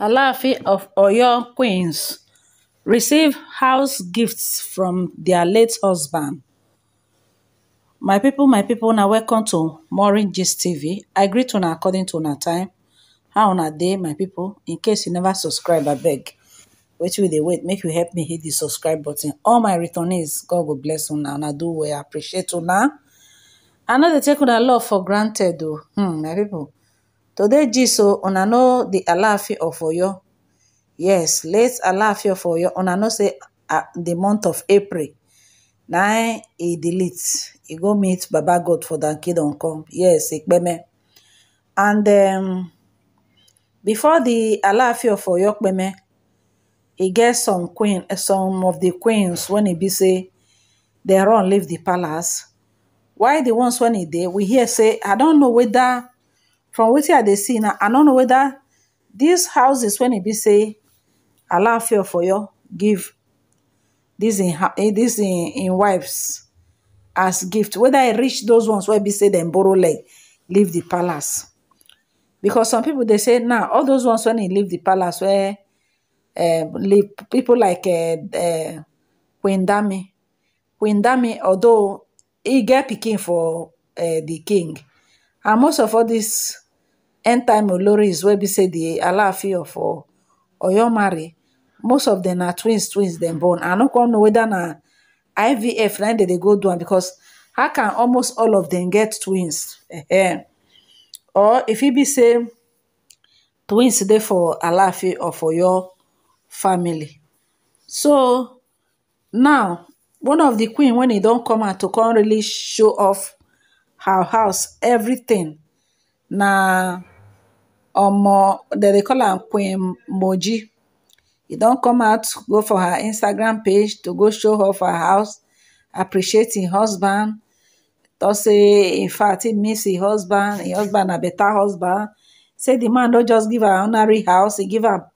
Alafi of Oyo queens receive house gifts from their late husband. My people, my people, now welcome to Maureen Gist TV. I greet you according to our time. How our day, my people? In case you never subscribe, I beg. Wait till they wait. Make you help me hit the subscribe button. All my returnees, God will bless you and I do well. I appreciate now? I know they take a love for granted, though. Hmm, my people today Jesus, onano the know di alaafin of oyo yes let alaafin of oyo you. know say uh, the month of april Now he deletes. He go meet baba god for don come yes ikpeme and um, before the alaafin of oyo kpeme he get some queen eh, some of the queens when he be say dem run leave the palace Why they ones when he dey we hear say i don know whether from wetin i they see now i don't know whether these houses when it be say for you, give these eh, in wives as gift whether I reach those ones where be say then borrow leg leave the palace because some people they say now all those ones when he leave the palace where eh, leave like eh, queen dami queen dami although he get picking for the king and most of all this. n-time oloris wey be say di alaafin of oyo marry most of them na twins twins dem born i no come know whether na ivf na dem dey go do am because how can almost all of them get twins or if e be say twins dey for or for your, family so now one of the queen when e don come out to come really show off her house everything na omo they, they call am queen moji don't come out go for her instagram page to go show off her house Appreciating husband. husband not say in fact he miss his husband His husband a better husband say the man don't just give her honorary house He give her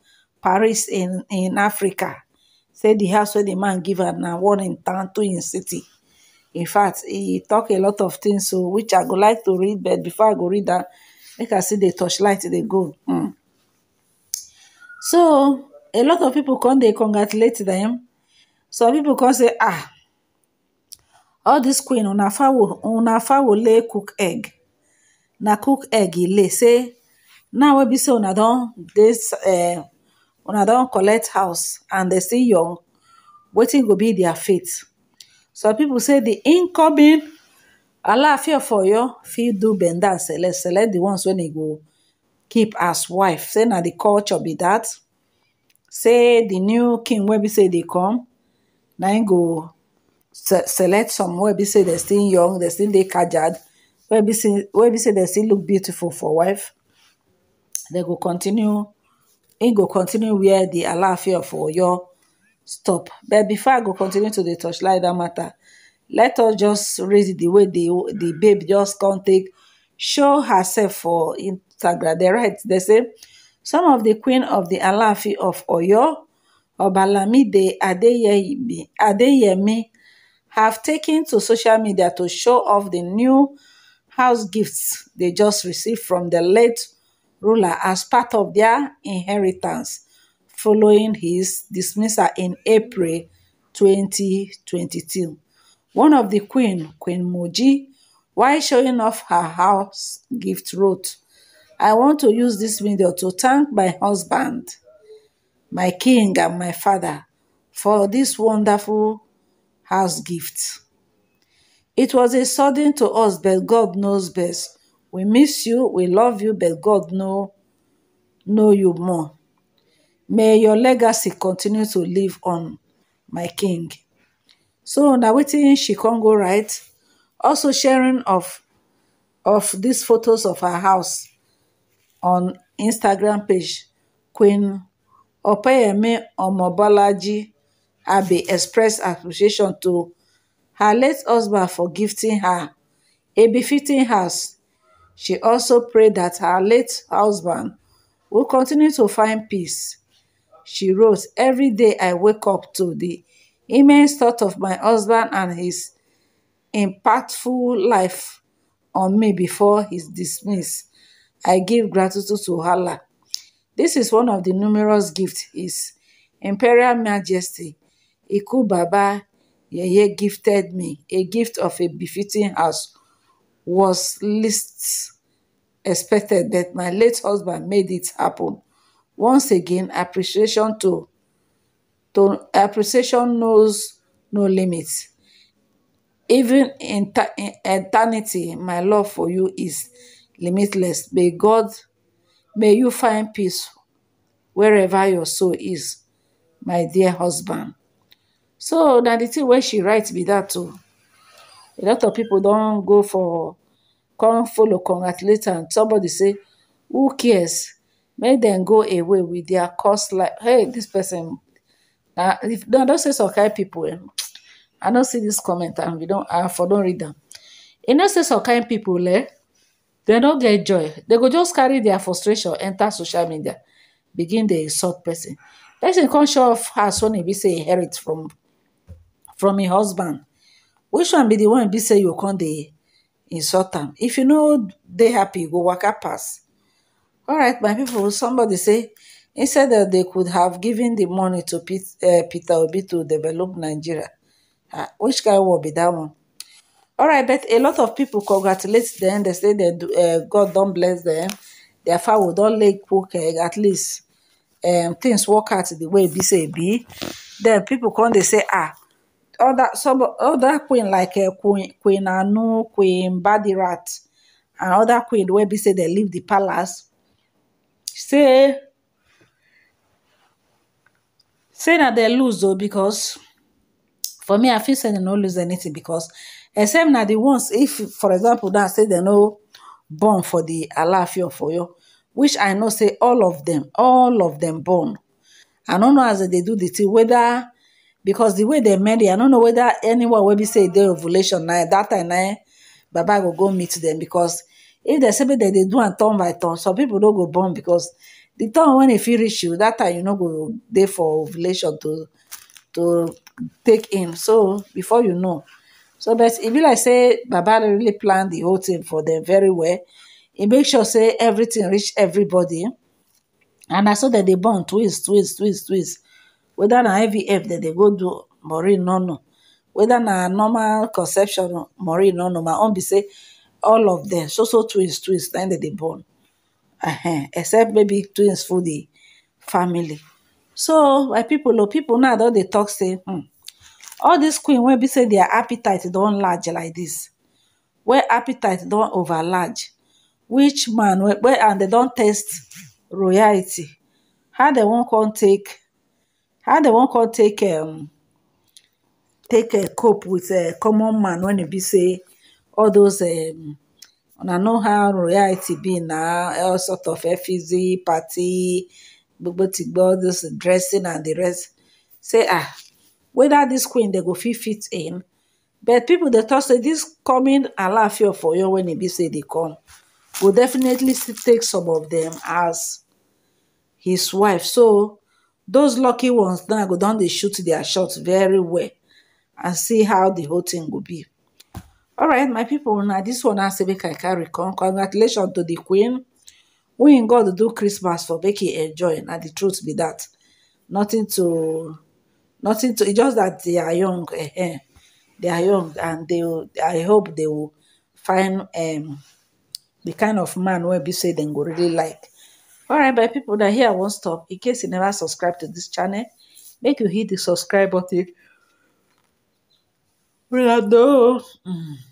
paris in in africa say the house where the man give her now one in town two in city in fact he talk a lot of things so which i would like to read but before i go read that make i still dey torchlight e dey go hmm. so a lot of pipo come dey congratulate dem some pipo come say ah all this queen una fowl una lay cook egg na cook egg e lay say now wey be say una don dey eh, una don collect house and dey see your wetin go be their fate some pipo say di incoming fear for you. fit do benda select select the ones when he go keep as wife say na di culture be dat say the new king Where we say they come na go select some Where we say dem still young dem still they kajad Where we say they still look beautiful for wife They go continue im go continue the Allah fear for your stop but before i go continue to touch, torchlight that matter let us just raise it the way the the babe just can't take show herself for Instagram. They write, they say, some of the queen of the Alafi of Oyo, de Adeyemi, Adeyemi have taken to social media to show off the new house gifts they just received from the late ruler as part of their inheritance following his dismissal in April 2022 one of the queen, Queen Moji, while showing off her house gift wrote, I want to use this video to thank my husband, my king and my father for this wonderful house gift. It was a sudden to us, but God knows best. We miss you, we love you, but God know, know you more. May your legacy continue to live on, my king so now, waiting, she con go right. also sharing of of these photos of her house on instagram page queen opeyemi omobolaji abe express appreciation to her late husband for gifting her a befitting house she also prayed that her late husband will continue to find peace she wrote every day i wake up to the." immense thought of my husband and his impactful life on me before his dismiss. I give gratitude to Allah. This is one of the numerous gifts His Imperial Majesty Iku Baba Yeye gifted me. A gift of a befitting house was least expected, but my late husband made it happen. Once again, appreciation to to appreciation knows no limits. Even in, in eternity, my love for you is limitless. May God, may you find peace wherever your soul is, my dear husband. So now the thing where she writes me that too. A lot of people don't go for come follow congratulate and Somebody say, who cares? May them go away with their cost like, hey, this person uh, if don't don't say people, eh. I don't see this comment and we don't I for don't read them. In don't say people, eh? They don't get joy. They go just carry their frustration, enter social media, begin the insult person. Person come show off her son if he say inherit from from her husband. Which one be the one be say you come the insult them? If you know they happy, go walk up pass. All right, my people, somebody say Instead, they could have given the money to eh, Peter Obi to develop Nigeria. Ah, which guy will be that one? All right, but a lot of people congratulate them. They say that uh, God don't bless them. Their father don't lay cook at least. Um, things work out the way be say be. Then people come, they say, ah, other some other queen like uh, Queen Queen Anu, Queen rat and other queen where be say they leave the palace. Say say that they lose though because for me i feel say do no lose anything because except that the ones if for example that say they no born for di alaafin for you, which i know say all of them, all of them born i don't know as they do the thing whether because the way they marry i don't know whether anyone will be say they ovulation na that time na eh, baba will go meet them because if they say that they do and turn by turn some people don't go born because the time when e finish reach you that time you no go there for ovulation to to take in so before you know so but if you like say baba really plan the whole thing for them very well He make sure say everything reach everybody and I saw that they born twins twins twins twins whether na IVF that they go do maureen no no, whether na normal conception maureen no no. my own be say all of them. so so twins twins Then they born uh-huh, except maybe twins for the family so my people oh, people now don they talk say hmm, all these queen when be say their appetite don't large like this. Where appetite don't overlarge, which man where and don't taste royalty how they won't come take how won't come take um, take eh, cope with a eh, common man when they be say all those um, I know how reality be now all sort of effigy party gbogbo tigbo this dressing and the rest say ah whether this queen they go fit fit in but people they thought say this coming fear for you when it be say they come will definitely still take some of them as his wife so those lucky ones now go down they shoot their shot very well and see how the whole thing go be alright my people. Now this one na say make i carry congratulations to the queen We in god do christmas for Becky and enjoy And the truth be that, nothing to nothing to just that they are young eh, they are young and they i hope they will find um the kind of man where be say dem go really like alright my people that here i not stop in case you never subscribe to this channel make you hit the subscribe button Renato. Mm.